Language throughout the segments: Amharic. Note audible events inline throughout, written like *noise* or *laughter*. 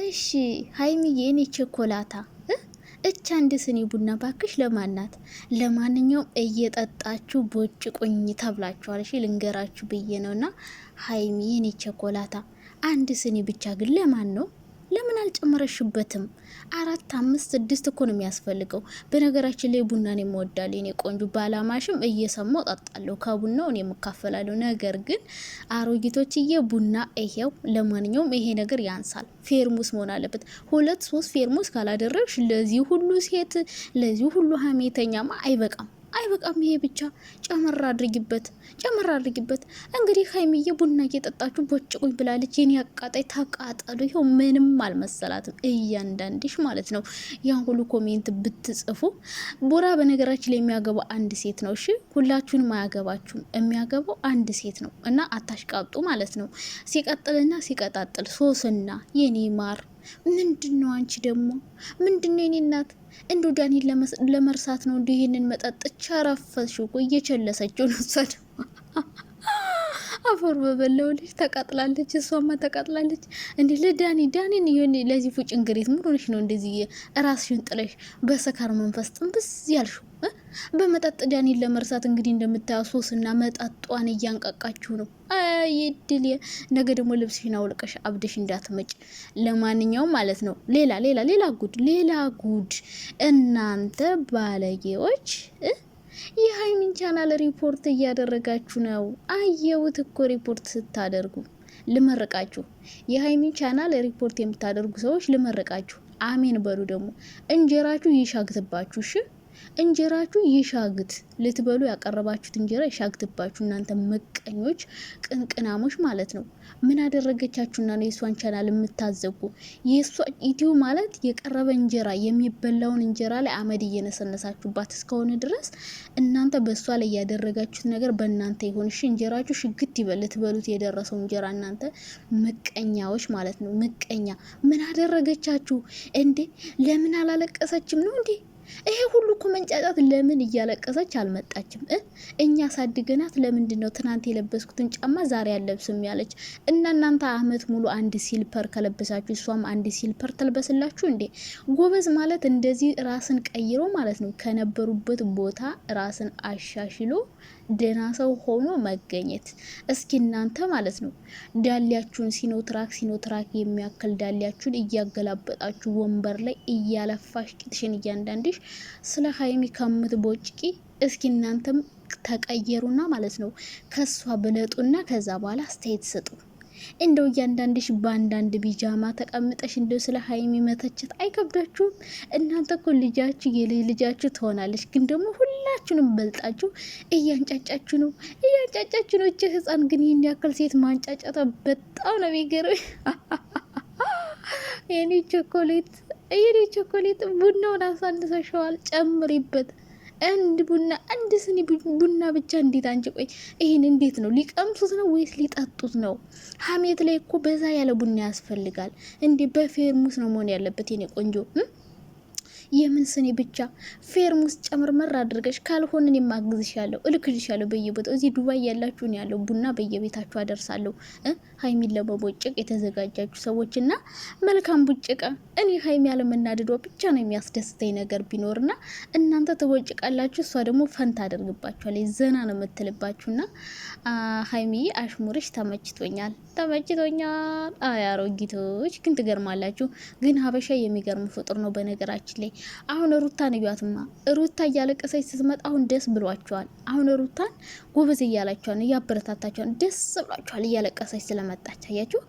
እሺ ሀይሚዬ፣ የኔ ቸኮላታ እች አንድ ስኒ ቡና ባክሽ ለማናት? ለማንኛውም እየጠጣችሁ ቦጭ ቁኝ ተብላችኋል። እሺ ልንገራችሁ ብዬ ና ሀይሚ፣ የኔ ቸኮላታ አንድ ስኒ ብቻ ግን ለማን ነው? ለምን አልጨመረሽበትም? አራት አምስት ስድስት እኮ ነው የሚያስፈልገው። በነገራችን ላይ ቡናን የምወዳለሁ የኔ ቆንጆ፣ ባላማሽም እየሰማው ጠጣለሁ። ከቡናው እኔ የምካፈላለሁ። ነገር ግን አሮጊቶችዬ ቡና ይሄው። ለማንኛውም ይሄ ነገር ያንሳል። ፌርሙስ መሆን አለበት። ሁለት ሶስት ፌርሙስ ካላደረግሽ ለዚህ ሁሉ ሴት ለዚህ ሁሉ ሀሜተኛማ አይበቃም። አይ በቃም ይሄ ብቻ ጨመር አድርጊበት፣ ጨመር አድርጊበት። እንግዲህ ሀይሚዬ ቡና እየጠጣችሁ ቦጭቁኝ ብላለች። የኔ አቃጣይ ተቃጠሉ። ይኸው ምንም አልመሰላትም እያንዳንድሽ ማለት ነው። ያን ሁሉ ኮሜንት ብትጽፉ ቦራ በነገራችን ላይ የሚያገባው አንድ ሴት ነው። እሺ ሁላችሁንም አያገባችሁም። የሚያገባው አንድ ሴት ነው እና አታሽቃብጡ ማለት ነው። ሲቀጥልና ሲቀጣጥል ሶስና የኔ ማር ምንድን ነው? አንቺ ደግሞ ምንድን ነው የኔ እናት እንዶ ዳኒን ለመርሳት ነው እንዲ ይህንን መጠጥ ቻረፈሽ እኮ እየቸለሰችው ነው እሷ አፈር በበላው ልጅ ተቃጥላለች፣ እሷማ ተቃጥላለች። እንዲ ለዳኒ ዳኒን ይሆን ለዚህ ፉጭ እንግሪት ምን ሆነሽ ነው እንደዚህ ራስሽን ጥለሽ በሰካር መንፈስ ጥንብስ ያልሽው? በመጠጥ ዳኒን ለመርሳት እንግዲህ እንደምታያ ሶስና መጠጧን እያንቃቃችሁ ነው። ይድል ነገ ደግሞ ልብስሽን አውልቀሽ አብደሽ እንዳትመጭ። ለማንኛውም ማለት ነው ሌላ ሌላ ሌላ ጉድ ሌላ ጉድ እናንተ ባለጌዎች የሀይሚን ቻናል ሪፖርት እያደረጋችሁ ነው። አየሁት እኮ ሪፖርት ስታደርጉ ልመረቃችሁ። የሀይሚን ቻናል ሪፖርት የምታደርጉ ሰዎች ልመረቃችሁ። አሜን በሉ ደግሞ እንጀራችሁ ይሻግትባችሁ። እሺ እንጀራችሁ ይሻግት፣ ልትበሉ ያቀረባችሁት እንጀራ ይሻግትባችሁ። እናንተ ምቀኞች፣ ቅንቅናሞች ማለት ነው። ምን አደረገቻችሁና ነው የእሷን ቻናል የምታዘጉ? ኢትዮ ማለት የቀረበ እንጀራ የሚበላውን እንጀራ ላይ አመድ እየነሰነሳችሁባት እስከሆነ ድረስ እናንተ በእሷ ላይ ያደረጋችሁት ነገር በእናንተ ይሆን። እሺ እንጀራችሁ ሽግት ይበል፣ ልትበሉት የደረሰው እንጀራ። እናንተ ምቀኛዎች ማለት ነው። ምቀኛ ምን አደረገቻችሁ እንዴ? ለምን አላለቀሰችም ነው እንዴ? ይሄ ሁሉ እኮ መንጫጫት ለምን እያለቀሰች አልመጣችም? እኛ ሳድገናት ለምንድን ነው ትናንት የለበስኩትን ጫማ ዛሬ አለብስም ያለች? እና እናንተ አመት ሙሉ አንድ ሲልፐር ከለበሳችሁ እሷም አንድ ሲልፐር ተልበስላችሁ እንዴ? ጎበዝ ማለት እንደዚህ ራስን ቀይሮ ማለት ነው ከነበሩበት ቦታ ራስን አሻሽሎ ደህና ሰው ሆኖ መገኘት። እስኪ እናንተ ማለት ነው ዳሊያችሁን ሲኖትራክ ሲኖትራክ የሚያክል ዳሊያችሁን እያገላበጣችሁ ወንበር ላይ እያለፋሽ ቂጥሽን እያንዳንድሽ ስለ ሀይሚ ከምት ቦጭቂ እስኪ እናንተም ተቀየሩና ማለት ነው ከሷ ብለጡና ከዛ በኋላ አስተያየት ሰጡ። እንደው እያንዳንድሽ በአንዳንድ ቢጃማ ተቀምጠሽ እንደው ስለ ሀይሚ መተቸት አይከብዳችሁም? እናንተ እኮ ልጃችሁ የልጅ ልጃችሁ ትሆናለች። ግን ደግሞ ሁላችሁንም በልጣችሁ እያንጫጫችሁ ነው፣ እያንጫጫችሁ ነው። እች ህፃን ግን ይህን ያክል ሴት ማንጫጫታ በጣም ነው የሚገርም። *laughs* የኔ ቾኮሌት የኔ ቾኮሌት ቡናውን አሳንሰሸዋል፣ ጨምሪበት አንድ ቡና አንድ ስኒ ቡና ብቻ እንዴት አንቺ ቆይ ይሄን እንዴት ነው ሊቀምሱት ነው ወይስ ሊጠጡት ነው ሀሜት ላይ እኮ በዛ ያለ ቡና ያስፈልጋል እንዴ በፌርሙስ ነው መሆን ያለበት የኔ ቆንጆ የምን ስኒ ብቻ ፌርሙስ ጨምርመር አድርገሽ ካልሆንን የማግዝሻለሁ፣ እልክልሻለሁ በየቦታው እዚህ ዱባይ ነው ያለው ቡና በየቤታችሁ አደርሳለሁ። ሀይሚን ለመቦጭቅ የተዘጋጃችሁ ሰዎች እና መልካም ቡጭቃ። እኔ ሀይሚ ያለመናደዷ ብቻ ነው የሚያስደስተኝ ነገር ቢኖርና እናንተ ትቦጭቃላችሁ፣ እሷ ደግሞ ፈንታ አደርግባችኋለች። ዘና ነው የምትልባችሁና ሀይሚ አሽሙርሽ ተመችቶኛል፣ ተመችቶኛል። አያሮጊቶች ግን ትገርማላችሁ። ግን ሀበሻ የሚገርም ፍጡር ነው በነገራችን ላይ አሁን ሩታን እያትማ ሩታ እያለቀሰች ስትመጣ አሁን ደስ ብሏቸዋል። አሁን ሩታን ጎበዝ እያላቸዋል፣ እያበረታታቸዋል፣ ደስ ብሏቸዋል እያለቀሰች ስለመጣች አያችሁ።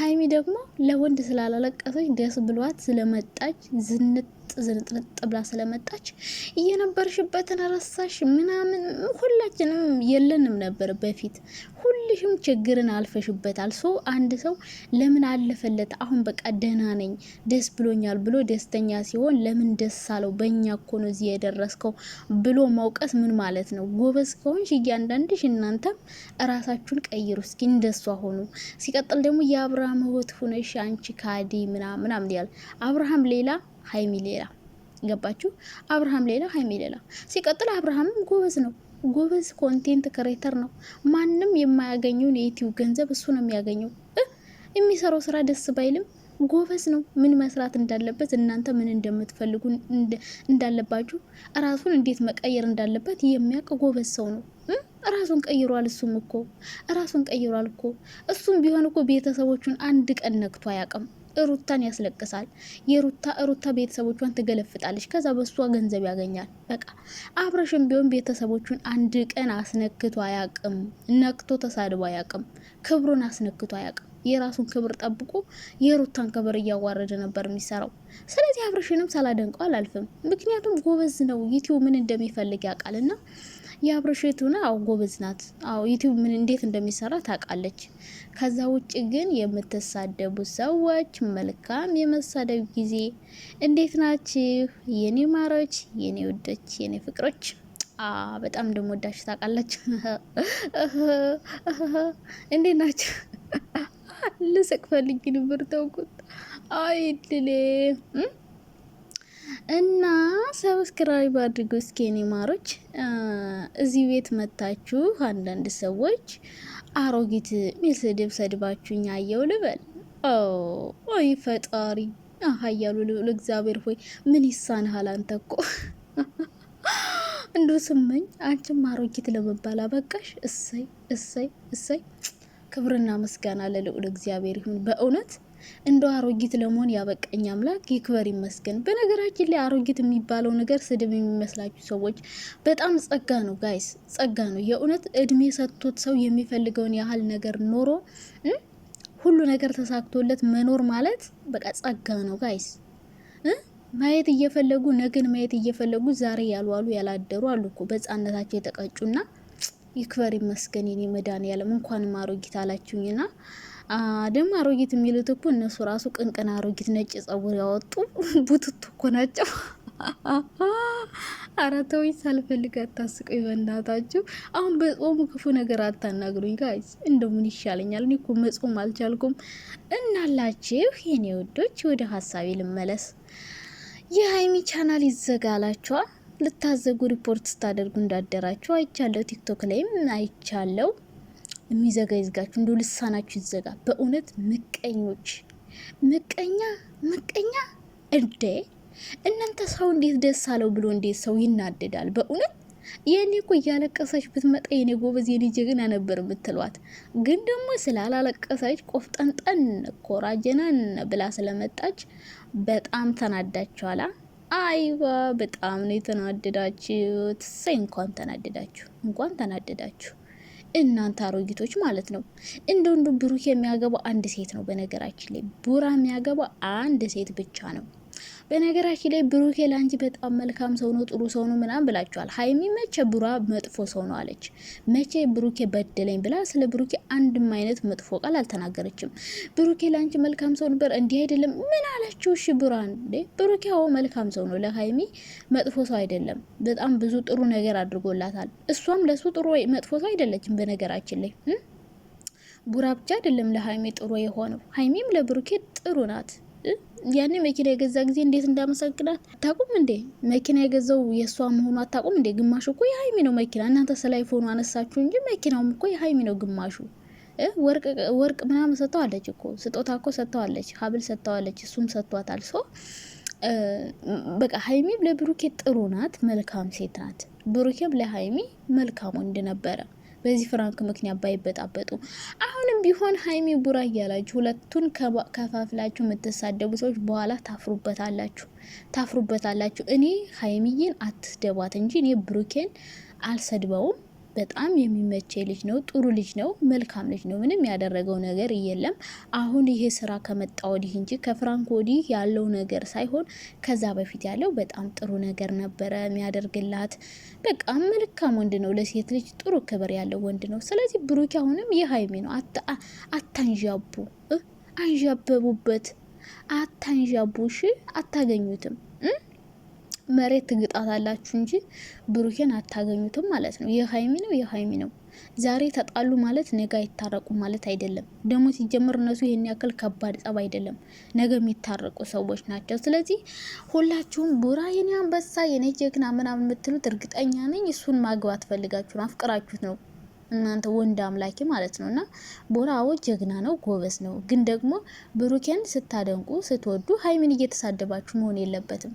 ሀይሚ ደግሞ ለወንድ ስላላለቀሰች ደስ ብሏት ስለመጣች ዝንት ዝንጥንጥ ብላ ስለመጣች እየነበርሽበትን ረሳሽ ምናምን ሁላችንም የለንም ነበር በፊት። ሁልሽም ችግርን አልፈሽበታል። ሶ አንድ ሰው ለምን አለፈለት? አሁን በቃ ደህና ነኝ ደስ ብሎኛል ብሎ ደስተኛ ሲሆን ለምን ደስ አለው? በእኛ እኮ ነው እዚህ የደረስከው ብሎ ማውቀስ ምን ማለት ነው? ጎበዝ ከሆንሽ እያንዳንድሽ እናንተም እራሳችሁን ቀይሩ፣ እስኪ እንደሷ ሆኑ። ሲቀጥል ደግሞ የአብርሃም ህይወት ሁነሽ አንቺ ካዲ ምናምን ምናምን ያል አብርሃም ሌላ ሀይሚ ሌላ ገባችሁ? አብርሃም ሌላ ሀይሚ ሌላ። ሲቀጥል አብርሃምም ጎበዝ ነው፣ ጎበዝ ኮንቴንት ክሬተር ነው። ማንም የማያገኘውን የዩቲዩብ ገንዘብ እሱ ነው የሚያገኘው። የሚሰራው ስራ ደስ ባይልም ጎበዝ ነው። ምን መስራት እንዳለበት እናንተ ምን እንደምትፈልጉ እንዳለባችሁ እራሱን እንዴት መቀየር እንዳለበት የሚያውቅ ጎበዝ ሰው ነው። ራሱን ቀይሯል። እሱም እኮ ራሱን ቀይሯል እኮ እሱም ቢሆን እኮ ቤተሰቦቹን አንድ ቀን ነክቶ አያውቅም። ሩታን ያስለቅሳል። የሩታ ሩታ ቤተሰቦቿን ትገለፍጣለች። ከዛ በሷ ገንዘብ ያገኛል። በቃ አብረሽም ቢሆን ቤተሰቦቹን አንድ ቀን አስነክቶ አያቅም። ነክቶ ተሳድቦ አያቅም። ክብሩን አስነክቶ አያቅም። የራሱን ክብር ጠብቆ የሩታን ክብር እያዋረደ ነበር የሚሰራው። ስለዚህ አብረሽንም ሳላደንቀው አላልፍም። ምክንያቱም ጎበዝ ነው። ዩቲዩብ ምን እንደሚፈልግ ያውቃልና የአብረሸት ሆነ አው ጎበዝ ናት። አው ዩቲዩብ ምን እንዴት እንደሚሰራ ታውቃለች። ከዛ ውጭ ግን የምትሳደቡ ሰዎች መልካም የመሳደብ ጊዜ። እንዴት ናችሁ የኔ ማሮች፣ የኔ ውዶች፣ የኔ ፍቅሮች? በጣም እንደምወዳችሁ ታውቃላችሁ። *laughs* እንዴት ናችሁ? *laughs* ልስቅ ፈልጊ ነበር ተውኩት። አይ ድሌ እና ሰብስክራይብ አድርጉ እስኪ ማሮች እዚህ ቤት መታችሁ አንዳንድ ሰዎች አሮጊት ሚል ስድብ ሰድባችሁኝ አየው ልበል። ወይ ፈጣሪ ሀያሉ ልዑል እግዚአብሔር ሆይ ምን ይሳንሃል አንተ እኮ እንዱ ስመኝ አንቺም አሮጊት ለመባል አበቃሽ። እሰይ እሰይ እሰይ! ክብርና ምስጋና ለልዑል እግዚአብሔር ይሁን በእውነት እንደ አሮጊት ለመሆን ያበቃኝ አምላክ ይክበር ይመስገን። በነገራችን ላይ አሮጊት የሚባለው ነገር ስድብ የሚመስላችሁ ሰዎች በጣም ጸጋ ነው ጋይስ፣ ጸጋ ነው የእውነት እድሜ ሰጥቶት ሰው የሚፈልገውን ያህል ነገር ኖሮ ሁሉ ነገር ተሳክቶለት መኖር ማለት በቃ ጸጋ ነው ጋይስ። ማየት እየፈለጉ ነገን ማየት እየፈለጉ ዛሬ ያልዋሉ ያላደሩ አሉ እኮ በህጻንነታቸው የተቀጩና ይክበር ይመስገን የኔ መድኃኔዓለም እንኳንም አሮጊት አላችሁኝና ደግሞ አሮጊት የሚሉት እኮ እነሱ ራሱ ቅንቅን አሮጊት ነጭ ጸጉር ያወጡ *laughs* ቡትት እኮ ናቸው። *laughs* አራተዊ ሳልፈልግ አታስቀ በእናታችሁ። አሁን በጾሙ ክፉ ነገር አታናግሩኝ ጋይዝ። እንደምን ይሻለኛል? እኔ እኮ መጾም አልቻልኩም። እናላችሁ የኔ ውዶች፣ ወደ ሀሳቤ ልመለስ። የሀይሚ ቻናል ይዘጋላችኋል። ልታዘጉ ሪፖርት ስታደርጉ እንዳደራችሁ አይቻለሁ። ቲክቶክ ላይም አይቻለሁ። የሚዘጋ ይዝጋችሁ፣ እንደ ልሳናችሁ ይዘጋ። በእውነት ምቀኞች፣ ምቀኛ፣ ምቀኛ እንዴ! እናንተ ሰው እንዴት ደስ አለው ብሎ እንዴት ሰው ይናደዳል? በእውነት የኔ እኮ እያለቀሰች ብትመጣ የኔ ጎበዝ የኔ ጀግና ነበር የምትሏት። ግን ደግሞ ስላላለቀሰች ቆፍጠንጠን ኮራጀናን ብላ ስለመጣች በጣም ተናዳችኋላ። አይዋ በጣም ነው የተናደዳችሁት። እሰይ እንኳን ተናደዳችሁ፣ እንኳን ተናደዳችሁ። እናንተ አሮጊቶች ማለት ነው። እንደ ወንዱ ብሩክ የሚያገባ አንድ ሴት ነው። በነገራችን ላይ ቡራ የሚያገባ አንድ ሴት ብቻ ነው። በነገራችን ላይ ብሩኬ ለአንቺ በጣም መልካም ሰው ነው፣ ጥሩ ሰው ነው ምናምን ብላችኋል። ሀይሚ መቼ ቡራ መጥፎ ሰው ነው አለች? መቼ ብሩኬ በደለኝ ብላ ስለ ብሩኬ አንድም አይነት መጥፎ ቃል አልተናገረችም። ብሩኬ ለአንቺ መልካም ሰው ነበር፣ እንዲህ አይደለም ምን አለችው? እሺ ቡራ እንዴ ብሩኬ አዎ መልካም ሰው ነው፣ ለሀይሚ መጥፎ ሰው አይደለም። በጣም ብዙ ጥሩ ነገር አድርጎላታል። እሷም ለሱ ጥሩ መጥፎ ሰው አይደለችም። በነገራችን ላይ ቡራ ብቻ አይደለም ለሀይሚ ጥሩ የሆነው፣ ሀይሚም ለብሩኬ ጥሩ ናት። ያኔ መኪና የገዛ ጊዜ እንዴት እንዳመሰግናት አታቁም እንዴ? መኪና የገዛው የእሷ መሆኑ አታቁም እንዴ? ግማሹ እኮ የሀይሚ ነው መኪና። እናንተ ስለ አይፎኑ አነሳችሁ እንጂ መኪናውም እኮ የሀይሚ ነው ግማሹ። ወርቅ ምናምን ሰጥተዋለች እኮ ስጦታ እኮ ሰጥተዋለች፣ ሀብል ሰጥተዋለች፣ እሱም ሰጥቷታል። ሶ በቃ ሀይሚም ለብሩኬ ጥሩ ናት፣ መልካም ሴት ናት። ብሩኬም ለሀይሚ መልካም ወንድ ነበረ። በዚህ ፍራንክ ምክንያት ባይበጣበጡ። አሁንም ቢሆን ሀይሚ ቡራ እያላችሁ ሁለቱን ከፋፍላችሁ የምትሳደቡ ሰዎች በኋላ ታፍሩበታላችሁ ታፍሩበታላችሁ። እኔ ሀይሚዬን አትደቧት እንጂ እኔ ብሩኬን አልሰድበውም። በጣም የሚመቼ ልጅ ነው። ጥሩ ልጅ ነው። መልካም ልጅ ነው። ምንም ያደረገው ነገር የለም። አሁን ይሄ ስራ ከመጣ ወዲህ እንጂ ከፍራንክ ወዲህ ያለው ነገር ሳይሆን ከዛ በፊት ያለው በጣም ጥሩ ነገር ነበረ የሚያደርግላት። በቃ መልካም ወንድ ነው። ለሴት ልጅ ጥሩ ክብር ያለው ወንድ ነው። ስለዚህ ብሩክ አሁንም የሀይሚ ነው። አታንዣቡ፣ አንዣበቡበት፣ አታንዣቡሽ፣ አታገኙትም መሬት ትግጣታላችሁ እንጂ ብሩኬን አታገኙትም ማለት ነው። የሀይሚ ነው የሀይሚ ነው። ዛሬ ተጣሉ ማለት ነገ አይታረቁ ማለት አይደለም። ደግሞ ሲጀምር እነሱ ይህን ያክል ከባድ ጸብ አይደለም፣ ነገ የሚታረቁ ሰዎች ናቸው። ስለዚህ ሁላችሁም ቡራ የኔ አንበሳ የኔ ጀግና ምናምን የምትሉት እርግጠኛ ነኝ እሱን ማግባት ፈልጋችሁ ነው፣ አፍቅራችሁት ነው እናንተ ወንድ አምላኪ ማለት ነው። እና ቦራዎ ጀግና ነው፣ ጎበዝ ነው። ግን ደግሞ ብሩኬን ስታደንቁ ስትወዱ ሀይሚን እየተሳደባችሁ መሆን የለበትም።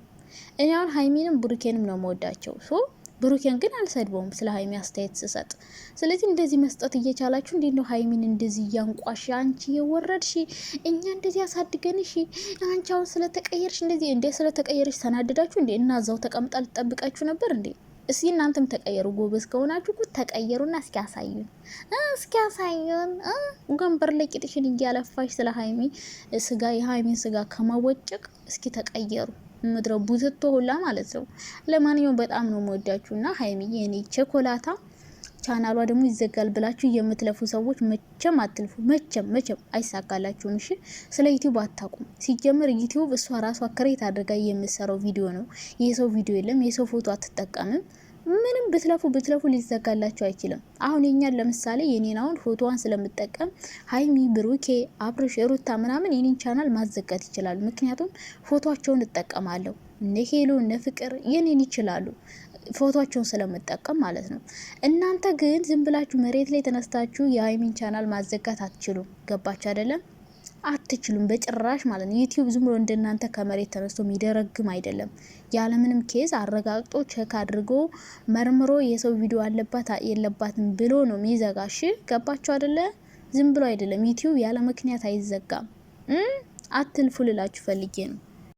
እኔ አሁን ሀይሚንም ብሩኬንም ነው መወዳቸው ሶ ብሩኬን ግን አልሰድበውም ስለ ሀይሚ አስተያየት ስሰጥ። ስለዚህ እንደዚህ መስጠት እየቻላችሁ እንዴት ነው ሀይሚን እንደዚህ እያንቋሽ አንቺ የወረድሽ እኛ እንደዚህ ያሳድገንሽ አንቺ አሁን ስለተቀየርሽ እንደዚህ እንዴ ስለተቀየርሽ ተናድዳችሁ እንዴ? እና እዛው ተቀምጣ ልጠብቃችሁ ነበር እንዴ? እስኪ እናንተም ተቀየሩ ጎበዝ ከሆናችሁ ተቀየሩና እስኪ ያሳዩን እስኪ ያሳዩን። ወንበር ላይ ቂጥሽን እያለፋሽ ስለ ሀይሚ ስጋ የሀይሚን ስጋ ከማወጨቅ እስኪ ተቀየሩ። ምድረ ቡትቶ ሁላ ማለት ነው። ለማንኛውም በጣም ነው መወዳችሁ ና ሀይሚዬ የኔ ቸኮላታ ቻናሏ ደግሞ ይዘጋል ብላችሁ የምትለፉ ሰዎች መቼም አትልፉ። መቼም መቼም አይሳካላችሁም። እሺ ስለ ዩቲዩብ አታቁም። ሲጀምር ዩቲዩብ እሷ ራሷ ክሬት አድርጋ የምትሰራው ቪዲዮ ነው። የሰው ቪዲዮ የለም፣ የሰው ፎቶ አትጠቀምም። ምንም ብትለፉ ብትለፉ ሊዘጋላቸው አይችልም። አሁን የኛን ለምሳሌ የኔን አሁን ፎቶዋን ስለምጠቀም ሀይሚ፣ ብሩኬ፣ አብርሽ፣ ሩታ ምናምን የኔን ቻናል ማዘጋት ይችላሉ። ምክንያቱም ፎቶቸውን እጠቀማለሁ። እነ ሄሎ እነ ፍቅር የኔን ይችላሉ ፎቶቸውን ስለምጠቀም ማለት ነው። እናንተ ግን ዝም ብላችሁ መሬት ላይ ተነስታችሁ የሀይሚን ቻናል ማዘጋት አትችሉም። ገባችሁ አይደለም? አትችሉም በጭራሽ ማለት ነው። ዩቲዩብ ዝም ብሎ እንደናንተ ከመሬት ተነስቶ የሚደረግም አይደለም። ያለምንም ኬዝ አረጋግጦ ቼክ አድርጎ መርምሮ የሰው ቪዲዮ አለባት የለባትም ብሎ ነው የሚዘጋሽ። ገባችሁ አይደለ? ዝም ብሎ አይደለም። ዩቲዩብ ያለ ምክንያት አይዘጋም። አትልፉ ልላችሁ ፈልጌ ነው።